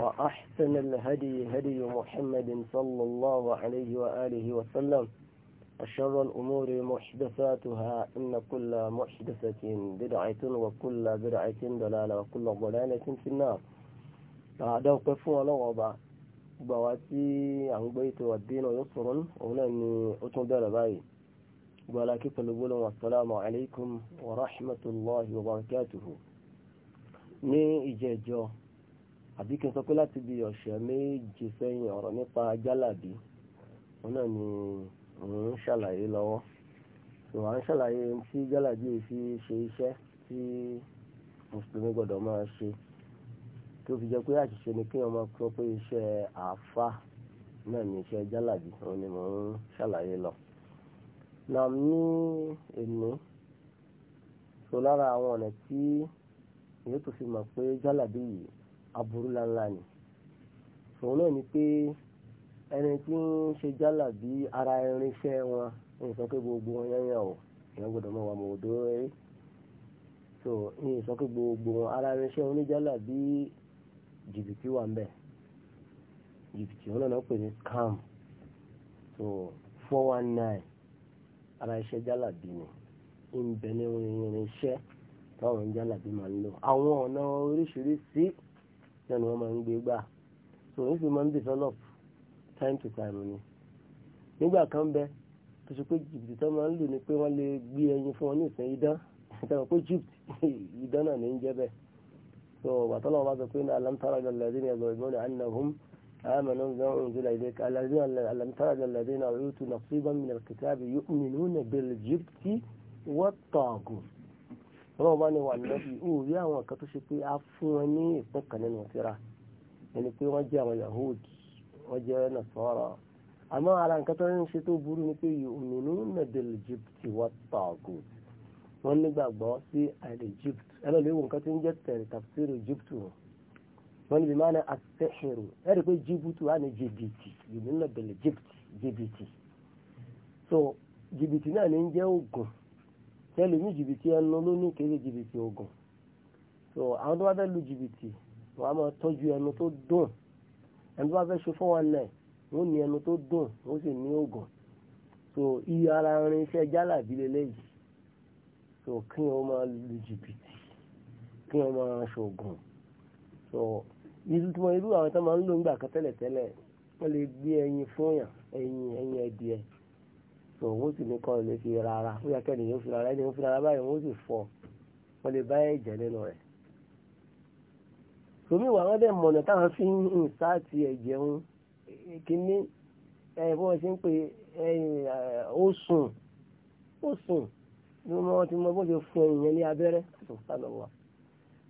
وأحسن الهدي هدي محمد صلى الله عليه وآله وسلم وشر الأمور محدثاتها إن كل محدثة بدعة وكل بدعة ضلالة وكل ضلالة في النار بعد وقف ولغبة بواتي عن بيت والدين يسر هنا أني أتمدر باي ولكن قلوبون والسلام عليكم ورحمة الله وبركاته ni ìjẹjọ àbí kí n sọ pé láti bí ọ̀sẹ̀ méje sẹ́yìn ọ̀rọ̀ nípa jálàbí wọn náà ni òun ń ṣàlàyé lọ́wọ́ tó à ń ṣàlàyé tí jálàbí fi ṣe iṣẹ́ tí mùsùlùmí gbọ́dọ̀ máa ṣe tó fi jẹ́ pé àṣìṣe ni kí wọ́n máa sọ pé iṣẹ́ àáfà náà ni iṣẹ́ jálàbí òun ni mò ń ṣàlàyé lọ. nam ní èmi tó lára àwọn ọ̀nà tí èyí tó fi mọ̀ pé jálàbí yìí aburú ńláńlá ni òun náà ni pé ẹni tí ń ṣe jálà bí ara irinṣẹ́ wọn ń sọ pé gbogbo wọn yányàn o èèyàn gbọ́dọ̀ mọ̀ wà mọ̀ọ́dọ́ rẹ̀ so ń sọ pé gbogbo wọn ara irinṣẹ́ oníjálà bí jìbìtì wà ń bẹ̀ jìbìtì wọn náà pè ní scam so four one nine ara iṣẹ́ jálà bí ni ń bẹ ní irinṣẹ́ táwọn jálà bí máa ń lò àwọn ọ̀nà oríṣiríṣi náà ni wọ́n máa ń gbé gbà so ó fi máa ń develop time to time ni nígbà kan bẹ tó ṣe pé jìbìtì tó máa ń lò ní pé wọ́n lè gbé ẹyin fún wọn ní ìsìn idán ìtàwọn pé jìbìtì idán náà ní í jẹ́ bẹ́ẹ̀ so bàtà lọ́wọ́ bá sọ pé alam tara ilal ladina yazlimuna annahum amanu bima unzila ilayka alam tara ilal ladina utu nasiban minal kitabi yu'minuna bil jibti wat taghut ọlọ́run bá ní wà lọ́bí ó rí àwọn kan tó ṣe pé a fún wọn ní ìpín kan nínú síra ẹni pé wọ́n jẹ́ àwọn yahudi wọ́n jẹ́ nasara àmọ́ ara nǹkan tó ń ṣe tó burú ni pé yòmìnú nàdẹ̀l jìbìtì wà tààgò wọ́n nígbàgbọ́ sí àìlè jìbìtì ẹlọ́lẹ́ wo nǹkan tó ń jẹ́ tẹ̀rẹ̀ tàfsírù jìbìtì wọn wọ́n níbi máa ń àtẹ̀hìrù ẹ̀rí pé jìbìtì wà ní jìbìtì yòmìnú nàdẹ̀l jìbìtì jìbìtì so jìbìtì náà ní ń jẹ́ ògùn tẹ́lẹ̀ ní jìbìtì ẹnu ló ní kéde jìbìtì oògùn so àwọn tó bá fẹ́ lu jìbìtì wọ́n á máa tọ́jú ẹnu tó dùn ẹni tó bá fẹ́ ṣe fún wọ́n ní ẹnu tó dùn wọ́n sì ní oògùn so iye ara rin iṣẹ́ jálàbí lélẹ́yìí so kí wọ́n máa lu jìbìtì kí wọ́n máa ṣoògùn so irú tí wọ́n irú àwọn tó máa ń lò ń gbà kan tẹ́lẹ̀ tẹ́lẹ̀ wọ́n lè gbé ẹyin fún yàn ẹyin ẹyin ẹdìẹ so wọ́n sì ní kọ́ lè fi rárá ó yà kẹ́ni yóò fi rárá ẹni yóò fi rárá báyìí wọ́n sì fọ́ wọ́n lè bá ẹ̀jẹ̀ nínú rẹ̀. sòmí ìwà wọn dẹ̀ mọ̀nà táwọn fi ń hàn sáàtì ẹ̀jẹ̀ ń kíní ẹ̀ bí ṣe ń pè ẹ̀ ó sùn ó sùn ní wọ́n ti mọ bó fún ẹ̀yìn ní abẹ́rẹ́ sọ̀tàlọ́wà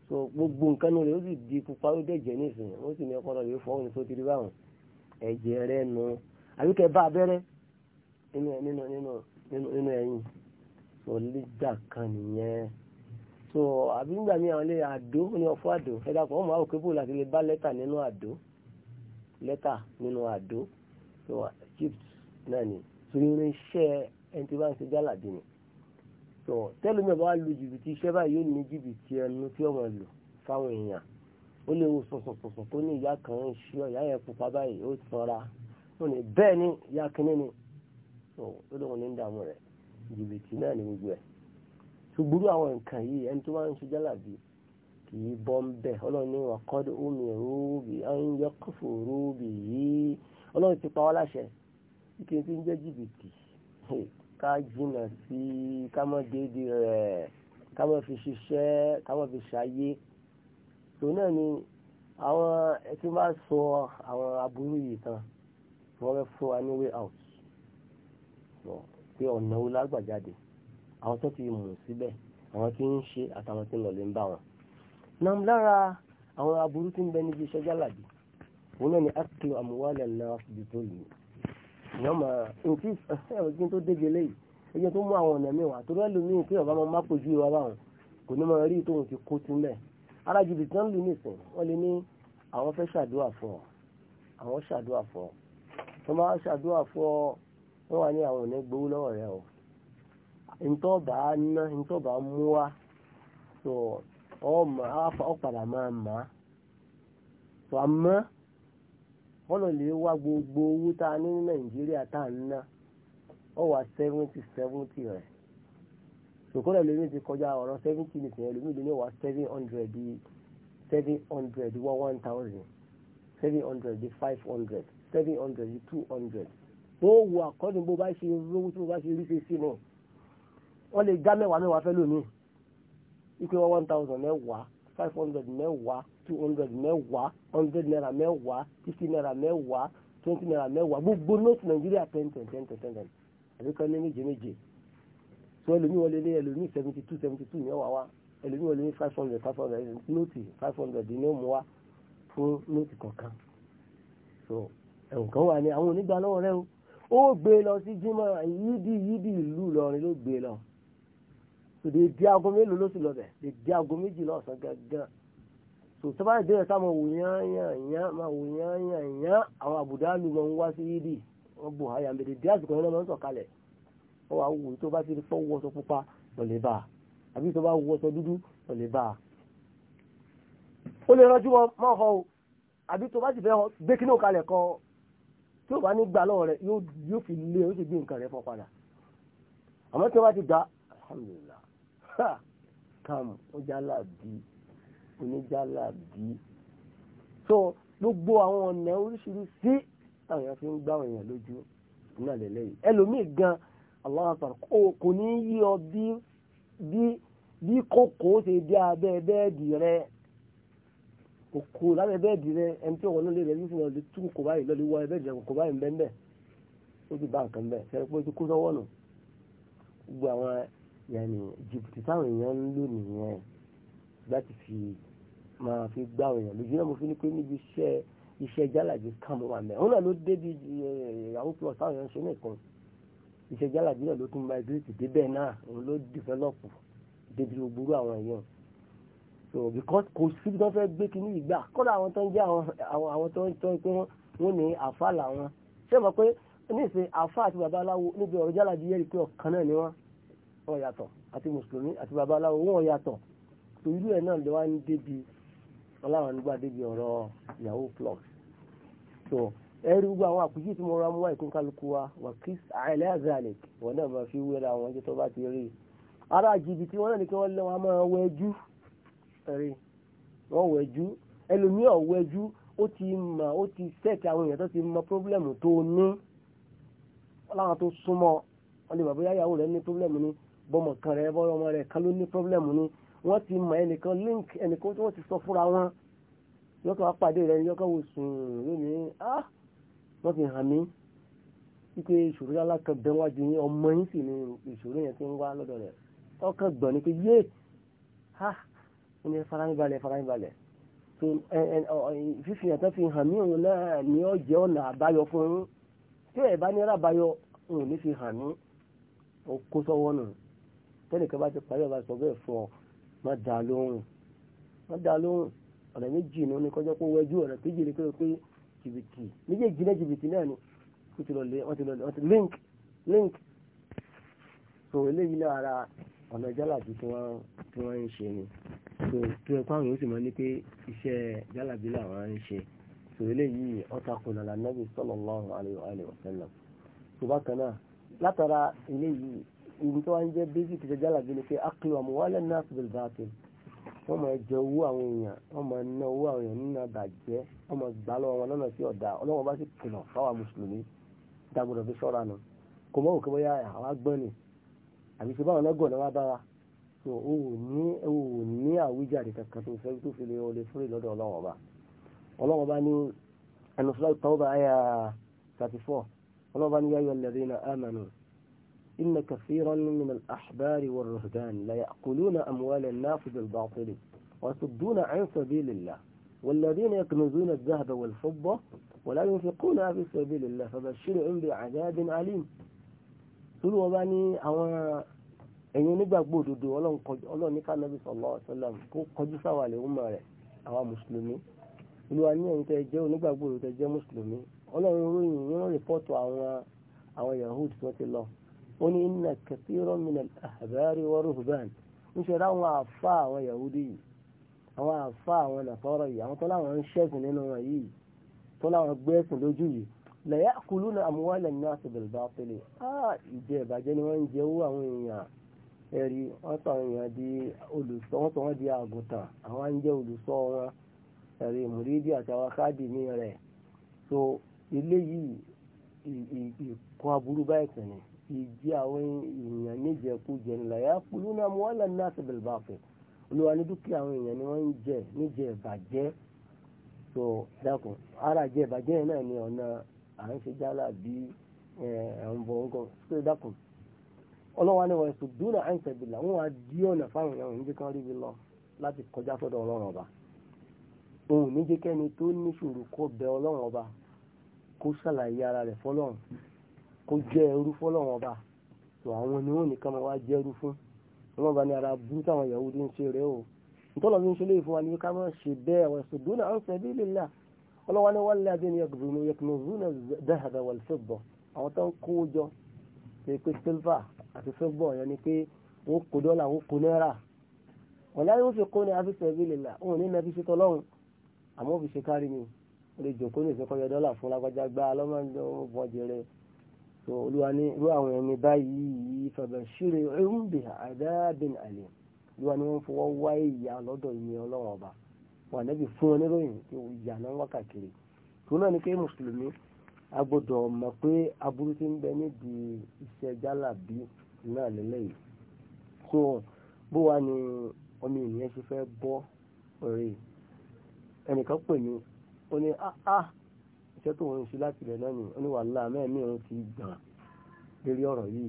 so gbogbo nǹkan ní rẹ̀ ó sì di pupa ó dẹ̀jẹ̀ nísìnyí ó sì ní ọpọlọ nínú nínú nínú nínú ẹ̀yìn so lítà kan nìyẹn so àbí nígbà míì àwọn ilé àdó ní ọ̀fọ̀ àdó ẹ dàpọ̀ ọmọ àwọn òkèbù láti lè bá lẹ́tà nínú àdó lẹ́tà nínú àdó so chips náà ni so irinṣẹ́ ẹni tí bá ń ṣe jálàdì ni so tẹ́lómi ọba wa lu jìbìtì iṣẹ́ báyìí yóò ní jìbìtì ẹnu tí ọmọ lò fáwọn èèyàn ó lè wo sọ̀sọ̀sọ̀sọ̀ tó ní ìyá kan ń ṣe ọ̀yá yẹn pupa báyìí ó sanra ó ní bẹ́ẹ̀ ni ìyá kínní ni so tó lóun ní dààmú rẹ̀ jìbìtì náà ní gbogbo ẹ̀ ṣùgbúrú àwọn nǹkan yìí ẹni tó bá ń ṣe jálàbí kì í bọ́ ń bẹ̀ ọlọ́run ní wà kọ́dù omi rúbì ọ̀nyẹ́ kófò rúbì yìí ọlọ́run ti pa wá láṣẹ kí n ti ń jẹ́ jìbìtì ká jìnnà sí ká mọ́ déédéé rẹ̀ ká mọ́ fi ṣiṣẹ́ ká mọ́ fi ṣayé tò náà ni àwọn tí wọ́n bá sọ àwọn aburú yìí tán wọ́n fẹ́ fún wa ní way out lọ pé ọ̀nà wo lágbàjáde àwọn tó ti mú síbẹ̀ àwọn tí ń ṣe àtàwọn tí ń lọlé ń bá wọn. nam lára àwọn aburú tí ń bẹ níbi iṣẹ́ jálàbí òun náà ni akílò àmúwálẹ̀ náà fi tó yìí ìyọ́n máa nǹkí ẹ̀ẹ́dín tó débi eléyìí ẹjẹ́ tó mú àwọn ọ̀nà mìíràn àtúrò ẹlòmíì pé ọ̀bá máa mápò ju ìwà báwọn kò ní máa rí tóun ti kó tún bẹ́ẹ̀ arájúbi tí wọ́n lù nìsín wọ́n lè ní àwọn fẹ́ ṣàdúrà fún ọ àwọn ṣàdúrà fún ọ tó máa ṣàdúrà fún ọ wọ́n wà ní àwọn òní gbowó lọ́wọ́ rẹ o ntọ́ba ná ntọ́ba mú wa tó ọ padà máa mà á tó àmọ́ bọ́lọ̀ lè wá gbogbo owó tá a ní ní nàìjíríà tá a ná ọ wà seventy seventy rẹ̀ sòkòrò ẹlòmíì ti kọjá ọ̀rọ̀ seventy nìkan ẹlòmíì ló ní wà seven hundred seven hundred wọ́n one thousand seven hundred five hundred seven hundred two hundred wọ́n wo àkọ́dùn bó bá ṣe rówó tí bá ṣe rí ṣe sí ni wọ́n lè já mẹ́wàá mẹ́wàá fẹ́ lónìí ipe wọn one thousand mẹ́wàá five hundred mẹ́wàá two hundred mẹ́wàá hundred naira mẹ́wàá fifty naira mẹ́wàá twenty naira mẹ́wàá gbogbo nóòtù nàìjíríà ten ten ten ten ten àbíkọ́ ní méje méje so ẹlòmíì wọlé ní ẹlòmíì seventy two seventy two yẹn wà wá ẹlòmíì wọlé ní five hundred five hundred nóòtì five hundred ní òmù wá fún nóòtì kọ̀ọ̀kan so ẹ̀wọ̀n kan wà ní àwọn onígbà lọ́wọ́ rẹ o ó gbé lọ sí jimá yídì yídì ìlú lọrin ló gbé lọ dèdè aago mélòó ló sì lọ bẹ dèdè aago méjì lọ́sàn gángan so tó bá dé ẹ̀sà máa wò yán yán yán máa wò yán yán yán àwọn àbùdá lu wọn wá sí yídì wọn bò háyà ń bẹ dèdè àsìkò yẹn náà máa ń sọ̀kalẹ̀ wọn wá wò tó bá ti fọ́ wọṣọ pupa lọ́lẹ̀ bá àbí tó bá wọṣọ dúdú lọ́lẹ̀ bá ó lè rọjú wọn máa họ àbí tó bá ti fẹ́ gbé kínú kalẹ̀ kan tí ó bá ní gbà lọ́wọ́ rẹ̀ yóò fi lé yóò sì gbé nǹkan rẹ̀ fọ́ padà àmọ́ tí wọ́n bá ti gbà alhamdulillah ha kam ó jálà bí oníjálà bí so gbogbo àwọn ọ̀nà oríṣiríṣi àwọn èèyàn fi ń gbá àwọn èèyàn lójú náà lẹ́lẹ́yìí ẹlòmíì gan Allahu akbar kò ní yí ọ bí bí kòkó ṣe dé abẹ́ bẹ́ẹ̀dì rẹ̀ òkú lábẹ́ bẹ́ẹ̀dì rẹ ẹni tí òun lè rẹ yóò fi hàn lè tún kò báyìí lọ́ọ́ lè wọ ẹbẹ́ẹ̀dì rẹ kò báyìí bẹ́ẹ̀ bẹ́ẹ̀ ó ti bá nǹkan bẹ́ẹ̀ sẹ́ni pé ó ti kó sọ́wọ́ nù gbogbo àwọn yẹnì jìbìtì táwọn èèyàn ń lò nìyẹn láti fi máa fi gbá àwọn èèyàn lójú náà mo fi ní pé níbi iṣẹ́ iṣẹ́ jálàjì kan mo wà mẹ́ òun náà ló dé bí ìyàwó pé ọ̀sán èèyàn ṣe nìkan iṣẹ́ jálàjì náà ló tún bá ìdílé ti dé bẹ́ẹ̀ náà òun ló dìfẹ́lọ́pù débi gbogbo àwọn èèyàn so because kò síbi tó fẹ́ gbé kínní ìgbà kọ́dà àwọn tó ń jẹ́ àwọn tó ń tọ́ pé wọ́n ní àfa làwọn ṣé mo pé níṣẹ́ àfa àti babaláwo níbi ọ̀rọ̀ jálà bí yẹ́rì pé ọ̀kan náà ni wọ́n wọ́n yàtọ̀ àti mùsùlùmí àti babaláwo wọ́n yàtọ̀ tó irú ẹ̀ náà lè wá ní débi ọláwọn nígbà débi ọ̀rọ̀ yahoo plus so ẹ̀rí gbogbo àwọn àpèjì tí mo ra mú wá ìkúnkálukú wa wà kí àìlẹ́ àzàlẹ̀ wọ́n náà máa fi wéra àwọn ọjọ́ tó bá ti rí ara jìbìtì wọn náà ni kí wọ́n lé wọn máa wẹ́jú ẹ̀rí wọ́n wẹ̀jú ẹlòmíì ọ̀wẹ́jú ó ti mà ó ti sẹ́ẹ̀tì àwọn èèyàn tó ti mọ pírọ́blẹ́mù tó ní láwọn tó súnmọ́ wọn lè bàbá yáyàwó rẹ ní pírọ́blẹ́mù ni bọ́mọ kan rẹ bọ́mọ ọmọ rẹ kan ló ní pírọ́blẹ́mù ni wọ́n ti mọ ẹnìkan link ẹnìkan tí wọ́n ti sọ fúnra wọn yọkọ̀ apàdé rẹ ní yọkọ̀ wò sùn lónìí ah wọ́n fi hàn mí wípé ìṣòro yálà kan bẹ́ wájú yín ọmọ yín sì ni ìṣòro yẹn ti ń wá lọ́dọ̀ rẹ̀ ọkàn gbọ̀n ni pé yé ha ó ní farambalẹ̀ farambalẹ̀ so fífi hàn tán fi hàn mí òun náà ni ó jẹ́ ọ̀nà àbáyọ fún un tí ẹ̀ bá ní rábàyọ òun ní fi hàn mí ó kó sọ́wọ́ nù tẹ́nìkan bá ti parí ọba sọ bẹ́ẹ̀ fún ọ má dá lóhùn má dá lóhùn ọ̀nà méjì ni ó ní kọjá pé wẹ́jú ọ̀nà kejì ni pé jìbìtì méjèèjì náà jìbìtì náà ni wọ́n ti lọ lé wọ́n ti link link so eléyìí náà ara ọ̀nà jálàbí tí wọ́n tí ń ṣe ni so tó ẹ fáwọn yóò sì mọ ní pé iṣẹ́ jálàbí làwọn ń ṣe so eléyìí ọ̀tàkùn lọ́la nàbì sallallahu alaihi wa sallam so bákan náà látara eléyìí ibi tó wá ń jẹ́ basic iṣẹ́ jálàbí ni pé aklu amwala nas bil batil wọ́n máa jẹ owó àwọn èèyàn wọ́n máa ná owó àwọn èèyàn nínú àbàjẹ́ wọ́n máa gbà lọ́wọ́ wọn lọ́nà tí ọ̀dà ọlọ́wọ́n bá sì kìlọ̀ fáwọn mùsùlùmí dágbọ́dọ̀ fi sọ́ra nù kò mọ́ òkè bóyá àwọn agbọ́n ni àbí ṣe báwọn lọ́gọ̀ lọ́wọ́ bá wa tó o ò ní o ò ní àwíjàre kankan tó fẹ́ tó fi lè ọlẹ́ fúrè lọ́dọ̀ ọlọ́wọ́ bá ọlọ́wọ́ bá ní ẹnu fúláwù tọ́wọ́ bá ayà thirty four ọlọ́wọ́ bá ní yáyọ lẹ́rìn náà amanu inna kathiran min al-ahbar war-ruhban la ya'kuluna amwala an-nas bil-batil ويصدون عن سبيل الله والذين يكنزون الذهب والفضة ولا ينفقونها في سبيل الله فبشرهم بعذاب أليم sórí wọn bá ní àwọn ẹ̀yin onígbàgbọ́ òdodo ọlọ́run ní kánàbí sallallahu alaihi wasallam kó kọjú sáwà lè wúmọ̀ rẹ̀ àwa mùsùlùmí olúwa ní ẹ̀yin tẹ́ jẹ́ onígbàgbọ́ òdodo jẹ́ mùsùlùmí ọlọ́run ròyìn wọn rìpọ́tù àwọn àwọn yahood tí wọ́n ti lọ ó ní inna kathiran minal ahbari wa ń ṣe àfa àwọn la ya'kuluna amwala an-nas bil batil ah, ìjẹ ìbàjẹ́ ni wọ́n ń jẹ owó àwọn èèyàn ẹ̀rí wọ́n sọ àwọn èèyàn di olùsọ wọ́n sọ wọ́n di àgùntàn àwọn ń jẹ́ olùsọ wọn ẹ̀rí mùrídì àtàwọn káàdì ní rẹ̀ so ilé yìí ìkọ́ aburú báyìí sẹ̀ ni ìjẹ àwọn èèyàn níjẹkújẹ ni la ya'kuluna amwala an-nas bil batil olúwa ní dúkìá àwọn èèyàn ni wọ́n ń jẹ níjẹ ìbàjẹ́ so dákun ara jẹ ìbàjẹ́ náà ni ọ̀nà à ń ṣe jálà bí à ń bọ̀ nǹkan ṣe dákun ọlọ́wà ni wọ́n ẹ̀sùn dúnà à ń tẹ̀bi là wọ́n á dí ọ̀nà fáwọn èèyàn níbi kan ríbi lọ láti kọjá sọ́dọ̀ ọlọ́run ọba òun ní jẹ́ kẹ́ni tó ní ṣòro kó bẹ ọlọ́run ọba kó ṣàlàyé ara rẹ̀ fọlọ́run kó jẹ́ ẹrú fọlọ́run ọba tó àwọn ni wọ́n nìkan máa wá jẹ́ ẹrú fún wọ́n bá ní ara bú táwọn Yahudi ń ṣe rẹ̀ o ntọ́lọ́ fi ń ṣe léyìí fún wa ní ká má ṣe bẹ́ẹ̀ àwọn ẹ̀sùn dúnà à ń tẹ̀bi ọlọ́wọ́ ni wọ́n lẹ́yìn ní ẹgbẹ̀rún yẹkùnrin dáhàdà wà lẹ́fẹ̀bọ̀ àwọn tó ń kó jọ ṣe pé silver àti fẹ́bọ̀ yẹn ni pé wọ́n kó dọ́là wọ́n kó náírà wọ́n láyé wọ́n fi kó ní afẹ́fẹ́ bí lè là òun ní nàbí ṣetán lọ́hùn àmọ́ fi ṣe kárí ni ó lè jòkó ní ìṣẹ́kọ́ yọ dọ́là fún lágbájá gbá lọ́mọdé bọ́jẹ rẹ̀ so olúwa ní irú àwọn ẹni báyìí fẹ̀bẹ̀ ṣírí ẹ̀rùn bì àdáàbìn àlè olúwa ni wọ́n fọwọ́ wá ìyá lọ́dọ̀ ìyẹn ọlọ́run ọba wà nẹ́bí fún ọ níròyìn tí ó yà náà wá kàkiri tó náà ni pé mùsùlùmí a gbọ́dọ̀ mọ̀ pé aburú ti ń bẹ níbi iṣẹ́ jálàbí náà lélẹ́yìí so bó wá ni ọmọ ènìyàn ṣe fẹ́ bọ́ ọ̀rẹ́ ẹnìkan pè mí ó ní áá ah, ah, iṣẹ́ tó ń ṣe láti rẹ̀ náà ni ó ní wàhálà mẹ́ẹ̀mí òun ti gbà lórí ọ̀rọ̀ yìí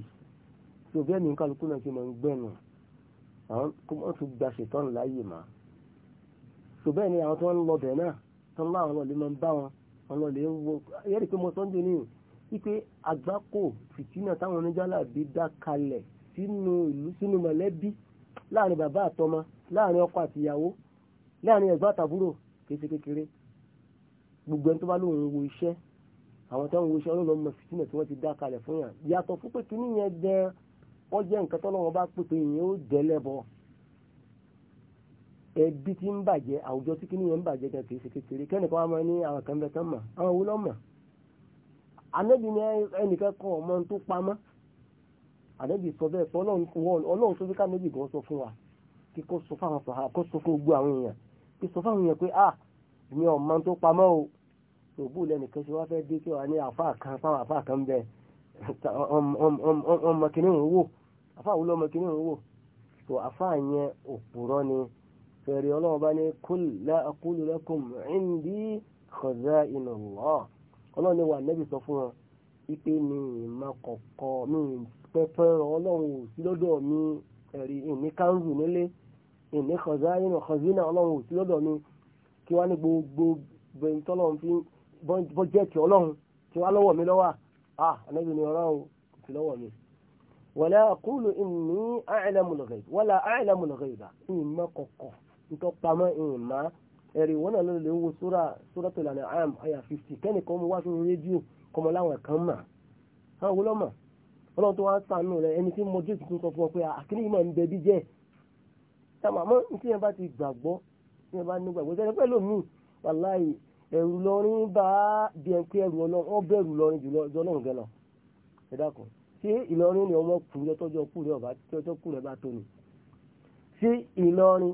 so bẹ́ẹ̀ ni kálukú náà ṣe máa ń gbẹ̀nù àwọn kó mọ́ tún gba ṣètọ́nù láàyè máa tó bẹ́ẹ̀ ni àwọn tó ń lọ bẹ̀ náà tó ń láwọn ọlọ́ọ̀lẹ́ máa ń bá wọn ọlọ́ọ̀lẹ́ ń wo yẹ́rì pé mo sọ ń jò níyìn wípé àgbákò fìtínà táwọn oníjàlá bí dá kalẹ̀ sínú ìlú sínú mọ̀lẹ́bí láàrin bàbá àtọmọ láàrin ọkọ àtìyàwó láàrin ẹ̀gbọ́n àtàbúrò kése kékeré gbogbo ẹni tó bá lóun wo iṣẹ́ àwọn tó ń wo iṣẹ́ ọlọ́run mọ fìtínà tí wọ́n ti dá kalẹ̀ fún yàn yàtọ̀ fún pé kíní yẹn jẹ́ ọ jẹ́ nǹkan tọ́lọ́wọ́n bá pèpè yẹn ó dẹ́lẹ́bọ̀ọ́ ẹbí tí ń bàjẹ́ àwùjọ tí kìíní yẹn ń bàjẹ́ gan kìí ṣe kékeré kẹ́nìkan wà máa ní àwọn kan bẹ tán mọ̀ àwọn owó lọ́mọ̀ ànábì ni ẹnìkan kọ ọmọ tó pamọ́ ànábì sọ bẹ́ẹ̀ sọ ọlọ́run tó fi kánábì gan sọ fún wa kí kó sọ fáwọn sọ kó sọ fún gbogbo àwọn èèyàn kí sọ fáwọn èèyàn pé ah mi ò mọ tó pamọ́ o òbú lẹ́nìkan ṣe wá fẹ́ dé kí wà ní àfáà kan fáwọn àfáà kan bẹ fẹ̀rẹ̀ ọlọ́run bá ní kul la aqulu lakum indi khaza'inullah ọlọ́run ni wà nẹ́bí sọ fún wọn wípé mi ìmọ̀ kọ̀kọ́ mi pẹpẹ ọlọ́run ò sí lọ́dọ̀ mi ẹ̀rí ìní kánzù nílé ìní khaza'inu khazina ọlọ́run ò sí lọ́dọ̀ mi kí wá ní gbogbo bẹ̀rẹ̀ tọ́lọ́run fi bọ́jẹ́ẹ̀tì ọlọ́run kí wá lọ́wọ́ mi lọ́wọ́ à ah, ànábì ni ọlọ́run fi lọ́wọ́ mi. wala aqulu inni a'lamul ghaib wala a'lamul ghaiba kọ̀kọ̀ nítorí pamọ́ ìmá ẹ̀rí wọn náà ló lè wo sóra sóra tó lànà am aya fifty kẹ́ni kan mo wá sórí rédíò kọmọ láwọn kan mà á wọ́n lọ́mà ọlọ́run tó wá sànù rẹ ẹni tí mo tuntun sọ fún ọ pé àkíní yìí ń jẹ́ sàmà yẹn bá ti gbàgbọ́ yẹn bá ní gbàgbọ́ sẹ́ni ẹ̀rù lọ́rin bá pé ẹ̀rù ọlọ́run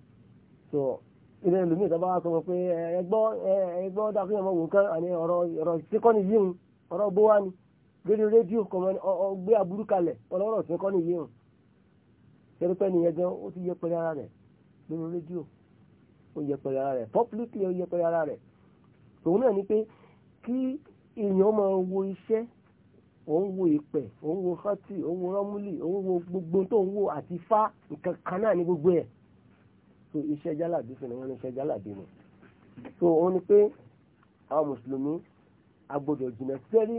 so ilé ìlúmí ìjọba wa sọ wọn pé ẹgbọ́ ẹgbọ́ dàbí ọmọ wò kán àní ọ̀rọ̀ ọ̀rọ̀ síkọ́ni yìí ọ̀rọ̀ bó wá ni lórí rédíò kọ̀mọ́ ọgbẹ́ aburú kalẹ̀ ọ̀rọ̀ síkọ́ni yìí ń ṣerúpẹ́ nìyẹn gan ó ti yẹpẹrẹ ara rẹ̀ lórí rédíò ó yẹpẹrẹ ara rẹ̀ publicly ó yẹpẹrẹ ara rẹ̀ tòun náà ni pé kí èèyàn máa wo iṣẹ́ òun wo ìpẹ̀ òun wo fátì òun wo rọ́múlì òun wo gbogbo tó ń wo àti fá nǹkan kan náà ní gbogbo ẹ̀ so iṣẹ́ jálàbí fún wọn ní iṣẹ́ jálàbí nù so òun ni pé àwọn mùsùlùmí a gbọ́dọ̀ jìnnà sẹ́rí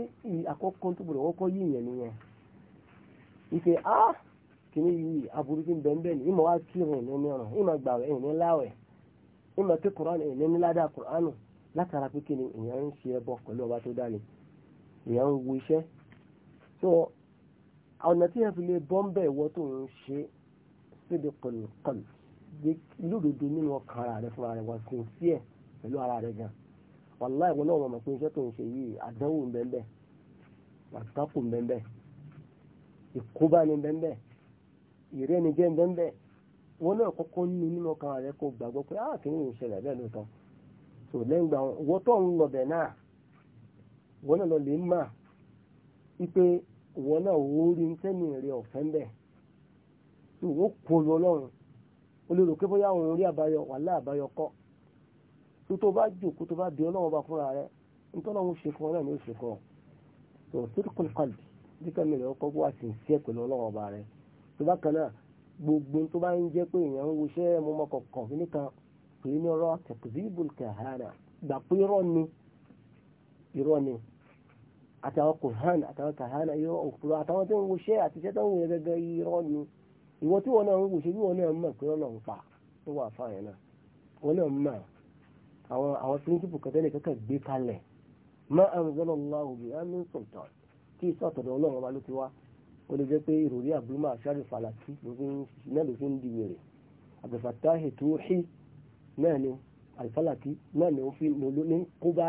àkọ́kọ́ tó gbọ́dọ̀ wọ́kọ́ yí ìyẹn nìyẹn ìfẹ́ á kìíní yìí aburú ti ń bẹ̀ẹ́ ní ìmọ̀ wá kírun ní ní ọ̀ràn ìmọ̀ gbàwẹ̀ ẹ̀yìn ní láwẹ̀ ìmọ̀ kí kùránù ẹ̀yìn ní ládàá kùránù látara pé kí ni èèyàn ń ṣe ẹbọ pẹ̀lú ọba tó dá ni èèyàn ń wo iṣẹ́ so ọ̀nà tí yẹn fi lè bọ́ ń bẹ̀ wọ́ tó ń ṣe síbi pẹ̀lú gbé lódodo nínú ọkàn ara rẹ fúnra rẹ wà sí sí ẹ pẹ̀lú ara rẹ gan wàlá ìwọ náà mọ̀ pé iṣẹ́ tó ń ṣe yìí àdánwò ń bẹ́ẹ̀ àtàkù ń bẹ́ẹ̀ ìkóbá ni ń bẹ́ẹ̀ ìrẹ́ni jẹ́ ń bẹ́ẹ̀ wọn náà kọ́kọ́ ní nínú ọkàn rẹ kó gbàgbọ́ pé á kì í ṣẹlẹ̀ bẹ́ẹ̀ lóòótọ́ tò lẹ́yìn gbà wọ́n tó ń lọ bẹ̀ náà wọ́n náà lọ lè mà wípé wọ́n náà wó ń tẹ́mi rẹ ọ̀fẹ́ ń bẹ̀ wọ́n kó lọ lọ́rùn olórò pé bóyá àwọn orí àbáyọ wàhálà àbáyọ kọ́ tó tó bá jòkó tó bá bí ọlọ́wọ́ bá fúnra rẹ nítorí ṣe fún ọ náà ni ó ṣe fún ọ tó sírìkùn kàlì díkẹ́ mi rẹ̀ ọkọ̀ bó wà sí sí ẹ̀ pẹ̀lú ọlọ́wọ́ bá rẹ tó bá kan náà gbogbo tó bá ń jẹ́ pé èèyàn ń woṣẹ́ mo mọ kọ̀ọ̀kan kí nìkan pè ní ọ̀rọ̀ tẹ̀kùzíbùl kàhánà gbà pé irọ́ ni irọ́ ni àtàwọn kòhán àtàwọn kàhánà ìwọ tí wọn náà ń wòṣe bí wọn náà mọ̀ pé ọlọ́run pa tó wà fáyẹn náà wọn náà mọ̀ àwọn àwọn píríncípù kẹtẹ́lẹ̀ kẹ́kẹ́ gbé kalẹ̀ má àrùngbọ́nà láwù bí ẹni sọ̀tọ̀ kí ìsọ̀tọ̀dọ̀ ọlọ́run ọba ló ti wá ó lè jẹ́ pé ìròrí àbúrúmọ̀ àṣàrí fàlàtì náà ló fi ń di wèrè àbẹ̀fàtàhì tó hí náà ni àlùfàlàtì náà ni ó fi ní kóbá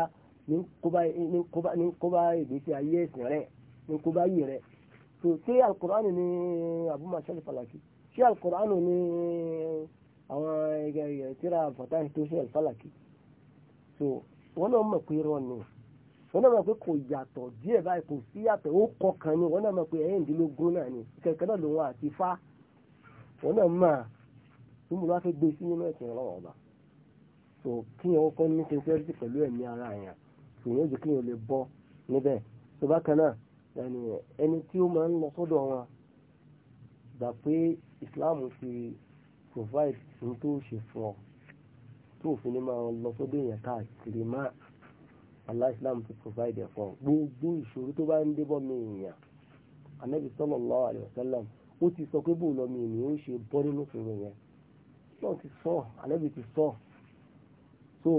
ní kóbá ní kóbá ní kóbá ìgbésí ayé ẹ̀sìn rẹ̀ ní kóbá yìí rẹ̀ tó ṣé àlùkùránì ni àbúrúmọ̀ àṣàrí fàlàtì ṣé alukóránù ní àwọn ẹgbẹ́ tíra fàtàkì tó ṣe alfàlàkì so wọn náà mọ̀ pé rọ ni wọn náà mọ̀ pé kò yàtọ̀ díẹ̀ báyìí kò sí yàtọ̀ ó kọkàn ni wọn náà mọ̀ pé ẹ̀yìndínlógún náà ni kẹ̀kẹ́ náà lòun àti fa wọn náà mọ̀ tó mo bá fẹ́ gbé sí nínú ẹ̀sìn ọlọ́wọ́ ọba so kí wọn kọ́ ní sincerity pẹ̀lú ẹ̀mí ara yẹn so yóò jẹ́ kí wọn lè bọ́ níbẹ̀ so bákan náà ẹni tí ó máa ń lọ sọ́dọ̀ wọn gbà pé Islam fi provide fún tó ṣe fún ọ tó òfin ní máa lọ sódò èèyàn káàkiri má Allah Islam ti provide ẹ̀ fún ọ gbogbo ìṣòro tó bá ń débọ́ mi èèyàn anabi sallallahu alaihi wasallam ó ti sọ pé bò lọ mi ènìyàn ó ṣe bọ́ nínú ìṣòro yẹn náà ti sọ anabi ti sọ so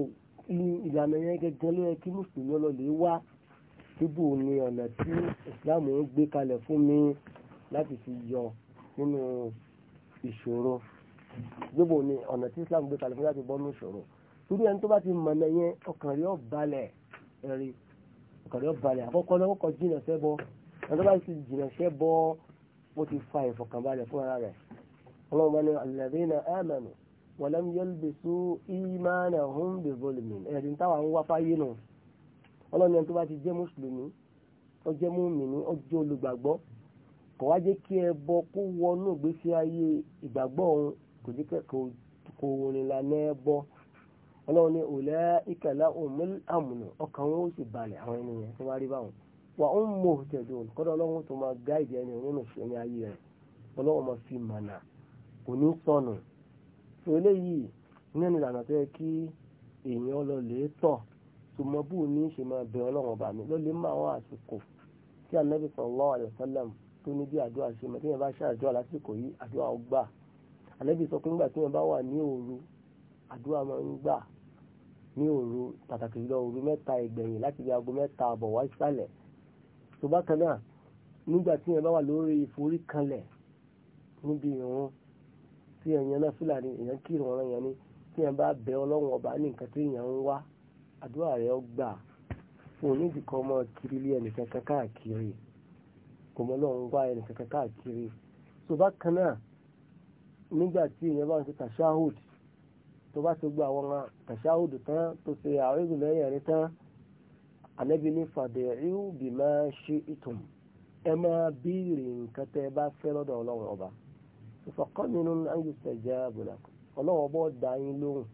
ìlànà yẹn gẹ́gẹ́ ló yẹ kí mùsùlùmí ọlọ́lẹ̀ wá síbò ni ọ̀nà tí Islam ń gbé kalẹ̀ fún mi láti fi yọ nínú ìṣòro gbogbo ni ọ̀nà tí Islam gbé kalẹ̀ fún láti bọ́ nínú ìṣòro torí ẹni tó bá ti mọ̀ náà yẹn ọkàn rẹ̀ ó balẹ̀ ẹ̀rí ọkàn rẹ̀ ó balẹ̀ àkọ́kọ́ náà kọ́kọ́ jìnà sẹ́bọ ẹni tó bá ti jìnà sẹ́bọ ó ti fa ìfọ̀kànbalẹ̀ fún ara rẹ̀ ọlọ́run bá ní alladhina amanu wa lam yalbisu imanahum bi zulmin ẹ̀rí táwa ń wá fáyé nù ọlọ́run ẹni tó bá ti jẹ́ mùsùlùmí ó jẹ́ mùmínì ó olùgbàgbọ́ kọwa wá jẹ́ kí ẹ bọ kó wọnú ìgbésí ayé ìgbàgbọ́ òun kò jẹ́ kò rìnlá ní ẹ bọ ọlọ́run ní òlẹ́ ìkàlà òmìnir àmùnà ọkàn wọn ó sì balẹ̀ àwọn ènìyàn tó wá rí báwọn wà ó ń mọ òtẹ̀dùn kọ́dọ̀ ọlọ́run tó máa gáìdì ẹni nínú ìṣẹ́ni ayé rẹ̀ ọlọ́run máa fi mànà kò ní sọnù nínú ìlànà tó yẹ kí èèyàn lọ lè tọ̀ ní ọlọ́run tó ní bí àdúrà ṣe mọ̀ tí yẹn bá ṣàdúrà lásìkò yìí àdúrà ó gbà àlẹ́bí sọ pé nígbà tí yẹn bá wà ní òru àdúrà máa ń gbà ní òru pàtàkì jùlọ òru mẹ́ta ìgbẹ̀yìn láti bí aago mẹ́ta àbọ̀ wá ìsàlẹ̀ tó bá kan náà nígbà tí yẹn bá wà lórí ìforíkanlẹ̀ níbi ìrún tí èèyàn náà fúlàní èèyàn kírun ọ̀rọ̀ yẹn ni tí bá bẹ ọlọ́run ọba ní nǹkan tí èèyàn ń wá àdúrà rẹ̀ ó fún onídìí kan kiri ilé ẹnìkan káàkiri kò mọ́ lọ́run wá ẹnì kankan káàkiri tó bá kan náà nígbà tí èèyàn bá ń ṣe tàṣáhùd tó bá ti gba àwọn tàṣáhùd tán tó ṣe àwọn ìgbìmọ̀ ẹ̀yẹ̀ rẹ tán ànábi ní fàdé irú bí máa ṣe ìtùm ẹ máa bíìrì nǹkan tẹ bá fẹ́ lọ́dọ̀ ọlọ́run ọba ìfọ̀kọ́ nínú ángùsẹ̀ jẹ́ àbùdàkọ̀ ọlọ́run ọba ọ̀dà yín lóhùn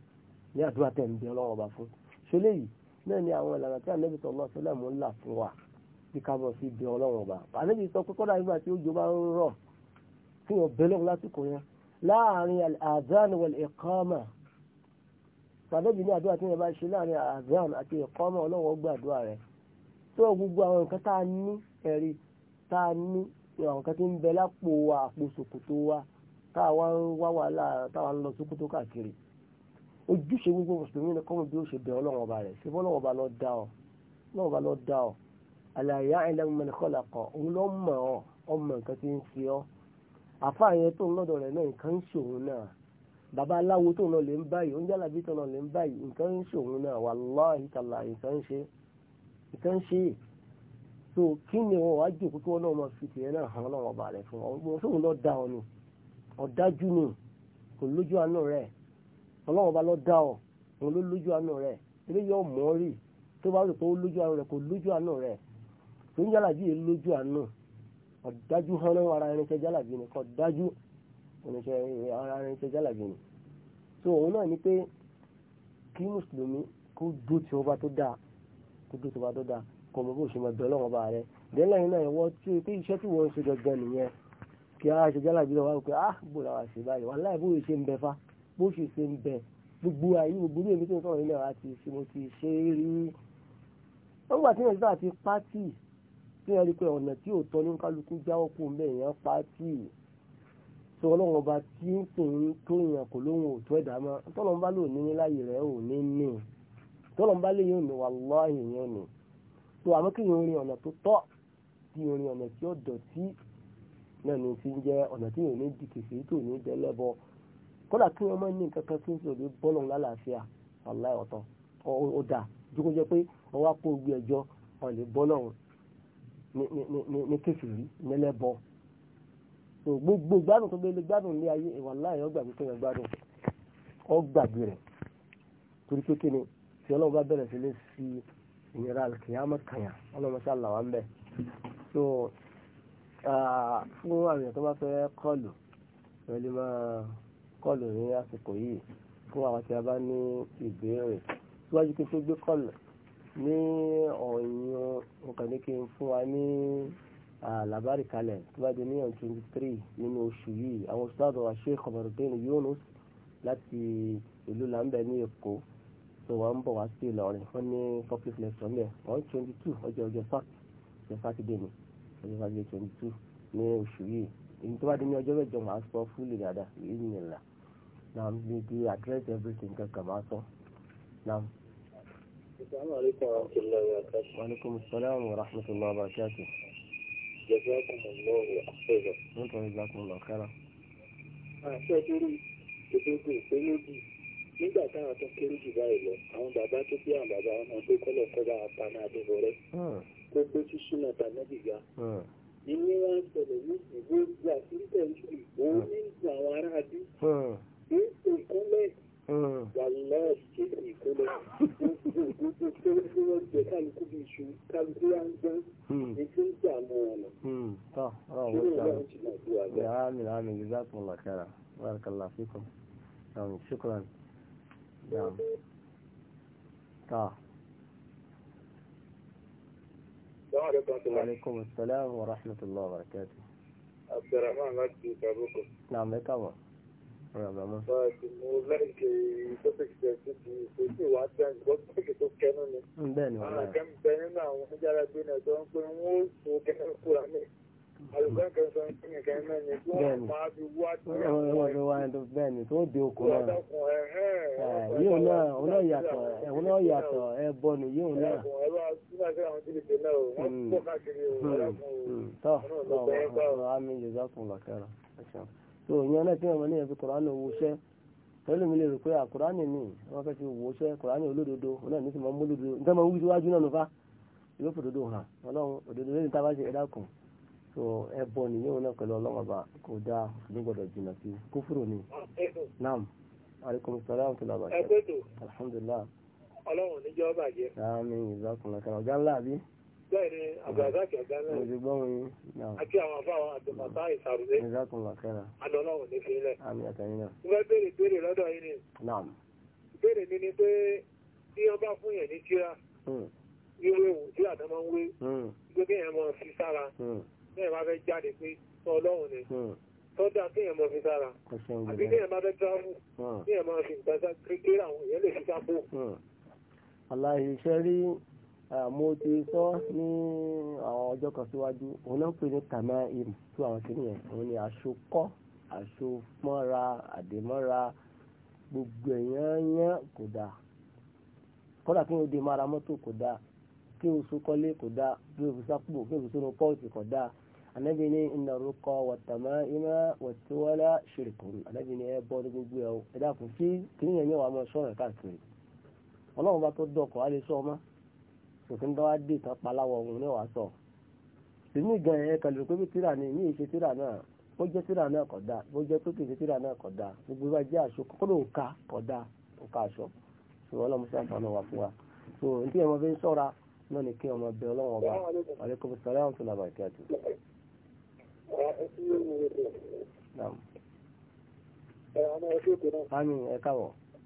ní àdúrà tẹ̀ ń bí ọlọ́run ọba fún ṣe léyìí náà ni àwọn ìlànà tí ànábi sọ̀rọ̀ sọ́lẹ̀ bí kábọ̀ sí ibi ọlọ́run ọba àlejò sọ pé kọ́dà nígbà tí òjò bá ń rọ̀ fún ọ̀bẹ́lọ́run lásìkò yẹn láàrin àdán wal iqama pàdébì ní àdúrà tí wọ́n bá ṣe láàrin àdán àti iqama ọlọ́wọ́ gbàdúrà rẹ̀ tó gbogbo àwọn nǹkan tá a ní ẹ̀rí tá a ní àwọn nǹkan tí ń bẹ lápò wa àpò ṣòkòtò wa tá a wá ń wá wàhálà tá a wá ń lọ ṣòkòtò káàkiri ojúṣe gbogbo mùsùlùmí ni kọ́mọ bí ó ṣe bẹ ọlọ́wọ́ ọba rẹ̀ ṣe bọ́ ọlọ́wọ́ ọba lọ dá ọ ọlọ́wọ́ ọba lọ dá ọ ala ya'lamu man khalaqa òun ló mọ̀ ọ́ ọmọ nǹkan tí ń ṣe ọ́ àfa yẹn tó ń lọ́dọ̀ rẹ̀ náà nǹkan ń ṣòun náà bàbá aláwo tó ń lọ lè ń báyìí oúnjẹ alábí tó ń lọ lè ń báyìí nǹkan ń ṣòun náà wallahi tallahi nǹkan ń ṣe nǹkan ń kí ni wọn wá jòkó kí wọn náà máa fi tìyẹn náà hàn lọ́wọ́ ọba fún ọ gbọ́n sóun lọ da ọ ni ọ̀dájú ni kò lójú àánú rẹ̀ ọlọ́wọ́n ọba lọ da ọ òun ló lójú àánú rẹ̀ eléyìí ọmọ rí tó bá rò pé ó lójú àánú rẹ̀ kò lójú àánú rẹ̀ tó ń jálàbí yìí lójú àánú ọ̀dájú hánà ara irinṣẹ́ jálàbí ni kọ́ dájú ara irinṣẹ́ jálàbí ni so òun náà ni pé kí mùsùlùmí kó dó tí ọba tó dáa kó dó tí ọba tó dáa kó mọ bó ṣe mọ bẹ ọlọ́run ọba rẹ dẹ́lẹ́yìn náà ìwọ tí o pé iṣẹ́ tí wọ́n ń ṣe gangan nìyẹn kí ara ṣe jálàbí lọ́wọ́ pé ah bó la wà ṣe báyìí wà láì bó ṣe ń bẹ fa bó ṣe ṣe ń bẹ gbogbo ayé gbogbo èmi tó ń sọ̀rọ̀ yìí náà àti ṣe mo ti ṣe é rí. wọ́n gbà tí yẹn ti pátì tí wọ́n rí pé ọ̀nà tí ò tọ́ ní kálukú jáwọ́ kó mẹ́rin tí ọlọ́run ọba tí ń tó kò lóhun ẹ̀dá mọ́ tọ́lọ́n bá lò ní ní rẹ̀ ò ní kí rin ọ̀nà tó tọ́ kí rin ọ̀nà tí ó dọ̀tí ní ní di ní kéfìrí nílẹ̀bọ so gbogbo gbádùn tó gbélé gbádùn ní ayé ìwà láàyè ọgbàgbé kéèyàn gbádùn ọgbàgbé rẹ̀ torí pé kíni tí ọlọ́run bá bẹ̀rẹ̀ sí ní fi ìnira kìyàmọ́ kàyà ọlọ́run ṣá là ń bẹ̀ so fún àwọn èèyàn tó bá fẹ́ kọlù pẹ̀lú máa kọlù ní àsìkò yìí fún àwọn tí a bá ní ìbéèrè síwájú kí n tó gbé kọlù ní ọ̀yìn nǹkan ní kí n fún wa ní àlàbárì kalẹ̀ tó bá di ní on twenty three nínú oṣù yìí àwọn ustaz wa Sheikh Omarudeen Yunus láti ìlú làǹbẹ̀ ní Èkó tó wọ́n ń bọ̀ wá sí Ìlọrin wọ́n ní public lecture ń bẹ̀ on twenty two ọjọ́ ọjọ́ sat ọjọ́ sátidé ni ọjọ́ sátidé twenty two ní oṣù yìí èyí tó bá di ní ọjọ́ mẹ́jọ máa sọ fúlì dáadáa èyí nìyẹn là náà bí address everything kankan máa sọ náà. السلام عليكم ورحمة الله وبركاته وعليكم السلام ورحمة الله وبركاته جزاكم الله خيرا وانتم جزاكم الله خيرا àṣẹ dúró ìdógó ìpínlógún nígbà táwọn tó kéré jù báyìí lọ àwọn bàbá tó bí àwọn bàbá wọn tó kọlọ kọba àpáná adébọrẹ kó pé ṣíṣú náà tàbí ga inú wọn ṣẹlẹ̀ ní ìgbó gbà sí tẹ̀sí òun ní àwọn aráàlú ní ìpínlẹ̀ آه. عامل عامل جزاكم الله خيرا بارك الله فيكم شكرا نعم وعليكم السلام ورحمة الله وبركاته عبد الرحمن نعم يا mo lẹ́yìn ìtọ́sẹ̀kì tẹ̀ sí ti ìfòsí wa dẹ́nu gbọ́dọ̀kì tó kẹ́nu ni. àlàkẹ́ ń bẹ nínú àwọn oníjàrá gbé náà tó ń pè ń wó so kẹ́nu kúra ní. àlùkò kan sọ ní kíni kan náà ni kí wọ́n máa fi wá tó. bẹ́ẹ̀ ni tó di okùn náà. Ah, yóò náà òun náà yàtọ̀ òun náà yàtọ̀ ẹ bọ́ ni yóò náà. ẹ̀rọ àtúnṣe àti àwọn jìbìtì náà wọ́n pọ̀ mm. káàkiri ọ̀rọ̀ so ìyẹn náà tí wọn ní ẹ̀fí kùránì owó iṣẹ́ pẹ̀lú mi lè rò pé àkùránì ni wọ́n fẹ́ fi wò iṣẹ́ kùránì olódodo náà ní sì máa ń mú olódodo nígbà máa ń wí síwájú náà nufa yóò fòdodo hàn ọlọ́run òdodo lẹ́yìn tá a bá ṣe ẹ̀dá kùn so ẹbọ nìyẹn náà pẹ̀lú ọlọ́run ọba kò dáa ní gbọdọ̀ jìnnà sí kúfúrò ni. naam aleykum salaam tó lọ́ba ṣe alhamdulilah. ọlọ́run níjọ́ bàjẹ́. àmín ìzákùnrin kan ọ̀gá ńlá àbí bẹ́ẹ̀ ni àgbàzáàkì àgbà náà àti àwọn afáwọn àtọmọ̀tá ìsàrùdé adọ́lọ́wọ̀ ní fílẹ̀. ìwé béèrè béèrè lọ́dọ̀ yìí ni béèrè mi ni pé tí wọ́n bá fún yẹn ní kíra hmm. wíwé òun tí àtọ́mọ́ ń wé gbé hmm. kéèyàn mọ fi sára bẹ́ẹ̀ hmm. bá fẹ́ jáde pé ọlọ́run ni tọ́jà kéèyàn mọ fi sára àbí kéèyàn bá fẹ́ tíráfù kéèyàn mọ fi gbàgbà kékeré àwọn èèyàn lè fi sápò. aláìṣẹ́ rí mo ti sọ ní àwọn ọjọ́ kan síwájú òun náà pè ní tàmá im tó àwọn kìnìyàn òun ni àṣokọ́ àdèmọ́ra gbogbo èèyàn kò kí n di mara mọ́tò kò dáa kí n so kọ́lé kò dáa kí n fi sápò kí n fi sínú pọ́ọ̀tì kò wà káàkiri ọlọ́run bá tó dọ̀kọ̀ á sòtí ń bá wá dé ìtàn paláwọ̀ ọ̀hún ní wàá sọ. tèmi gan ẹ̀ kàlù pé bí tíra ni ìyí ṣe tíra náà bó jẹ́ tíra náà kọ̀ dáa bó jẹ́ pé kìí tíra náà kọ̀ dáa gbogbo bá jẹ́ aṣọ kọ́kọ́rọ́ òǹkà kọ̀ dáa òǹkà aṣọ ṣùgbọ́n ọlọ́run ṣe àǹfààní wà fún wa. tó n tí ọmọ fi ń sọ́ra náà ni kí ọmọ bẹ ọlọ́run ọba aleykum salaam tó làbà kí a tó. àmín ẹ káwọ̀.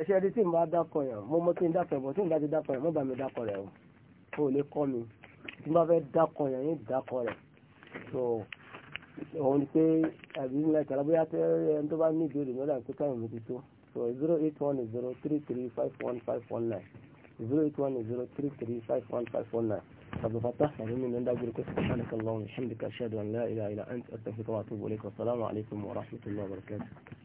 ẹ̀ṣẹ́ ẹni tí mo bá dákọ̀ yàn mo mọ́ kí n dákọ̀ ẹ̀bọ̀ tí mo bá ti dákọ̀ yàn mo bá mi dákọ̀ rẹ̀ o kò lè kọ́ mi tí mo bá fẹ́ dákọ̀ yàn yín dákọ̀ rẹ̀ so òun ni pé àbí ní ẹ̀ka lábóyá pé ẹni tó bá ní ìbéèrè ní ọ̀dà ìpínlẹ̀ mi ti tó so zero eight one zero three three five one five one nine zero eight one zero three three five one five one nine abdulfatah àdúmí ní ọ̀dàgbére kò sí ṣáàlìkà lọ́wọ́ ṣáàlìkà ṣáàdùn láìláìlá àti àtàkùn tó wà tó wọlé kan salamu alaykum wa rahmatulahi